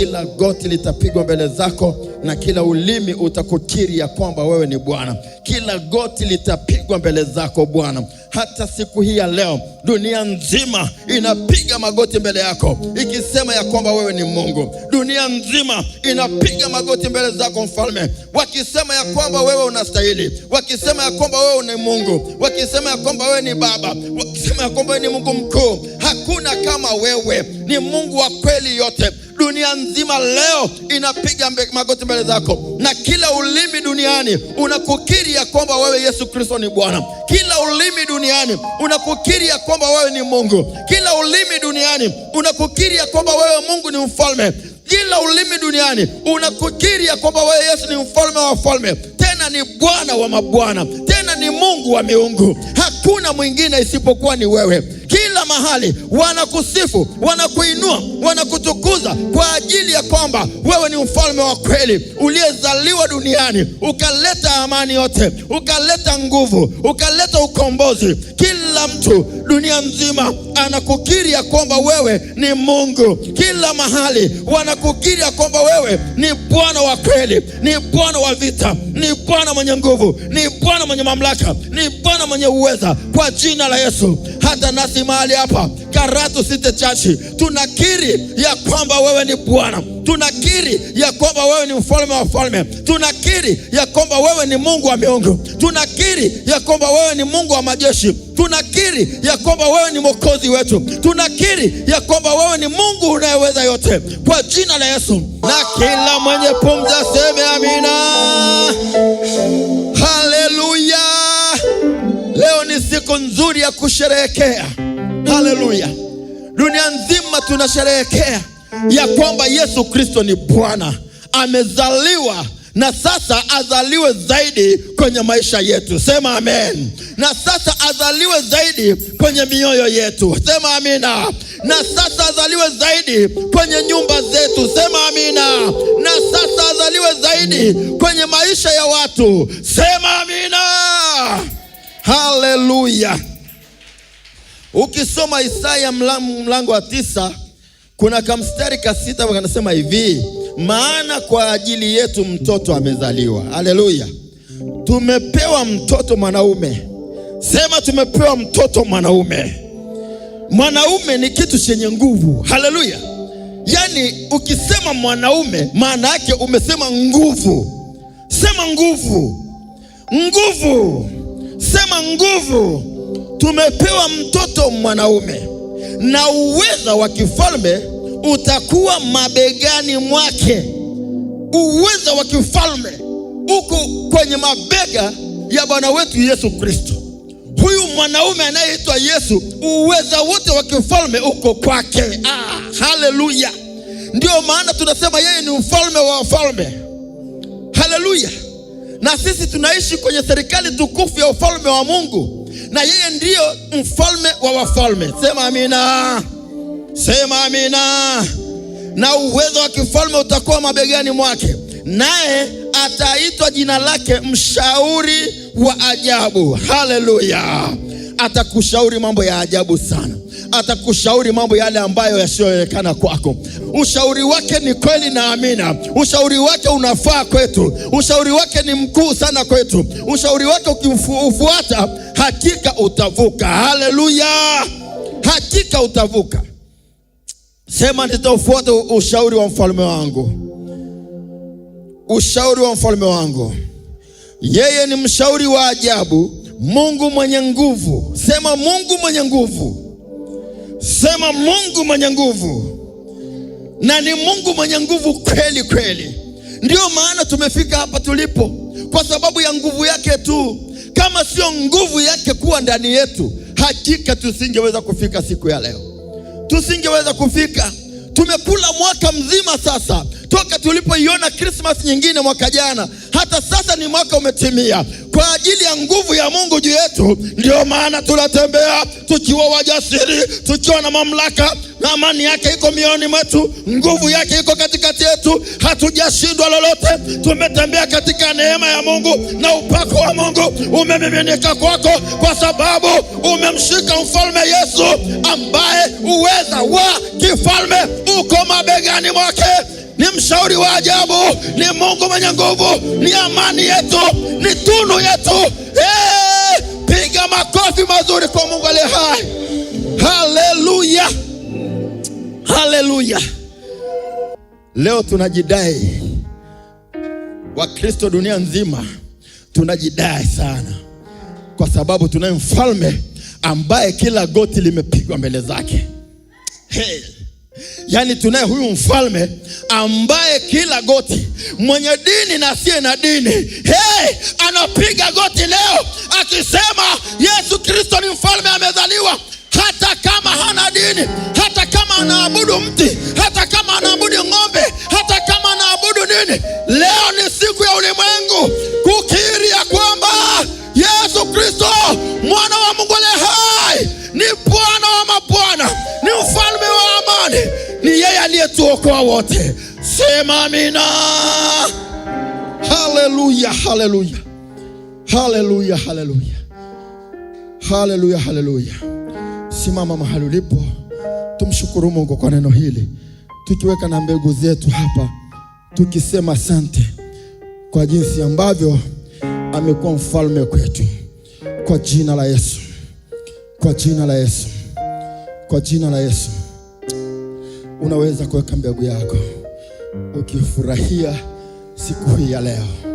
kila goti litapigwa mbele zako na kila ulimi utakukiri ya kwamba wewe ni Bwana. Kila goti litapigwa mbele zako Bwana. Hata siku hii ya leo, dunia nzima inapiga magoti mbele yako ikisema ya kwamba wewe ni Mungu. Dunia nzima inapiga magoti mbele zako Mfalme, wakisema ya kwamba wewe unastahili, wakisema ya kwamba wewe ni Mungu, wakisema ya kwamba wewe ni Baba, wakisema ya kwamba wewe ni Mungu mkuu. Hakuna kama wewe, ni Mungu wa kweli yote dunia nzima leo inapiga magoti mbele zako, na kila ulimi duniani unakukiri ya kwamba wewe Yesu Kristo ni Bwana. Kila ulimi duniani unakukiri ya kwamba wewe ni Mungu. Kila ulimi duniani unakukiri ya kwamba wewe Mungu ni mfalme. Kila ulimi duniani unakukiri ya kwamba wewe Yesu ni mfalme wa wafalme, tena ni Bwana wa mabwana, tena ni Mungu wa miungu. Hakuna mwingine isipokuwa ni wewe mahali, wanakusifu, wanakuinua, wanakutukuza kwa ajili ya kwamba wewe ni mfalme wa kweli uliyezaliwa duniani, ukaleta amani yote, ukaleta nguvu, ukaleta ukombozi. Kila mtu dunia nzima anakukiri ya kwamba wewe ni Mungu. Kila mahali wanakukiri ya kwamba wewe ni Bwana wa kweli, ni Bwana wa vita, ni Bwana mwenye nguvu, ni Bwana mwenye mamlaka, ni Bwana mwenye uweza, kwa jina la Yesu hata nasi mahali hapa Karatu City Church tunakiri ya kwamba wewe ni Bwana, tunakiri ya kwamba wewe ni mfalme wa falme, tunakiri ya kwamba wewe ni Mungu wa miungu, tunakiri ya kwamba wewe ni Mungu wa majeshi, tunakiri ya kwamba wewe ni mwokozi wetu, tunakiri ya kwamba wewe ni Mungu unayeweza yote, kwa jina la Yesu. Na kila mwenye pumzi aseme amina. Haleluya siku nzuri ya kusherehekea. Haleluya! Dunia nzima tunasherehekea ya kwamba Yesu Kristo ni Bwana, amezaliwa na sasa azaliwe zaidi kwenye maisha yetu, sema amen. Na sasa azaliwe zaidi kwenye mioyo yetu, sema amina. Na sasa azaliwe zaidi kwenye nyumba zetu, sema amina. Na sasa azaliwe zaidi kwenye maisha ya watu, sema amina. Haleluya! Ukisoma Isaya mlango wa tisa kuna kamstari ka sita kanasema hivi, maana kwa ajili yetu mtoto amezaliwa. Haleluya! tumepewa mtoto mwanaume. Sema tumepewa mtoto mwanaume. Mwanaume ni kitu chenye nguvu. Haleluya! Yaani ukisema mwanaume, maana yake umesema nguvu. Sema nguvu, nguvu Sema nguvu, tumepewa mtoto mwanaume na uweza wa kifalme utakuwa mabegani mwake. Uweza wa kifalme uko kwenye mabega ya Bwana wetu Yesu Kristo. Huyu mwanaume anayeitwa Yesu, uweza wote wa kifalme uko kwake. Ah, haleluya! Ndiyo maana tunasema yeye ni mfalme wa wafalme. Haleluya! na sisi tunaishi kwenye serikali tukufu ya ufalme wa Mungu, na yeye ndiyo mfalme wa wafalme. Sema amina, sema amina. Na uwezo wa kifalme utakuwa mabegani mwake, naye ataitwa jina lake mshauri wa ajabu. Haleluya! Atakushauri mambo ya ajabu sana atakushauri mambo yale ambayo yasiyoonekana kwako. Ushauri wake ni kweli na amina. Ushauri wake unafaa kwetu. Ushauri wake ni mkuu sana kwetu. Ushauri wake ukiufuata, hakika utavuka. Haleluya, hakika utavuka. Sema, nitaufuata ushauri wa mfalme wangu, ushauri wa mfalme wangu. Yeye ni mshauri wa ajabu, Mungu mwenye nguvu. Sema, Mungu mwenye nguvu. Sema Mungu mwenye nguvu, na ni Mungu mwenye nguvu kweli kweli. Ndiyo maana tumefika hapa tulipo, kwa sababu ya nguvu yake tu. Kama sio nguvu yake kuwa ndani yetu, hakika tusingeweza kufika siku ya leo, tusingeweza kufika. Tumekula mwaka mzima sasa toka tulipoiona Krismasi nyingine mwaka jana, hata sasa ni mwaka umetimia kwa ajili ya nguvu ya Mungu juu yetu. ndio maana tunatembea tukiwa wajasiri, tukiwa na mamlaka, na amani yake iko mioni mwetu, nguvu yake iko katikati yetu, hatujashindwa lolote. Tumetembea katika neema ya Mungu na upako wa Mungu umemiminika kwako, kwa sababu umemshika mfalme Yesu ambaye uweza wa Mfalme uko mabegani mwake, ni mshauri wa ajabu, ni Mungu mwenye nguvu, ni amani yetu, ni tunu yetu. Hey, piga makofi mazuri kwa Mungu aliye hai. Haleluya, haleluya. Leo tunajidai Wakristo dunia nzima tunajidai sana, kwa sababu tunaye mfalme ambaye kila goti limepigwa mbele zake hey. Yaani tunaye huyu mfalme ambaye kila goti mwenye dini na asiye na dini hey, anapiga goti leo akisema Yesu Kristo ni mfalme amezaliwa, hata kama hana dini, hata kama anaabudu mti, hata kama anaabudu ng'ombe ni yeye aliyetuokoa wote. Sema amina. Haleluya, haleluya, haleluya, haleluya, haleluya, haleluya. Simama mahali ulipo, tumshukuru Mungu kwa neno hili, tukiweka na mbegu zetu hapa, tukisema asante kwa jinsi ambavyo amekuwa mfalme kwetu, kwa jina la Yesu, kwa jina la Yesu, kwa jina la Yesu unaweza kuweka mbegu yako ukifurahia siku hii ya leo.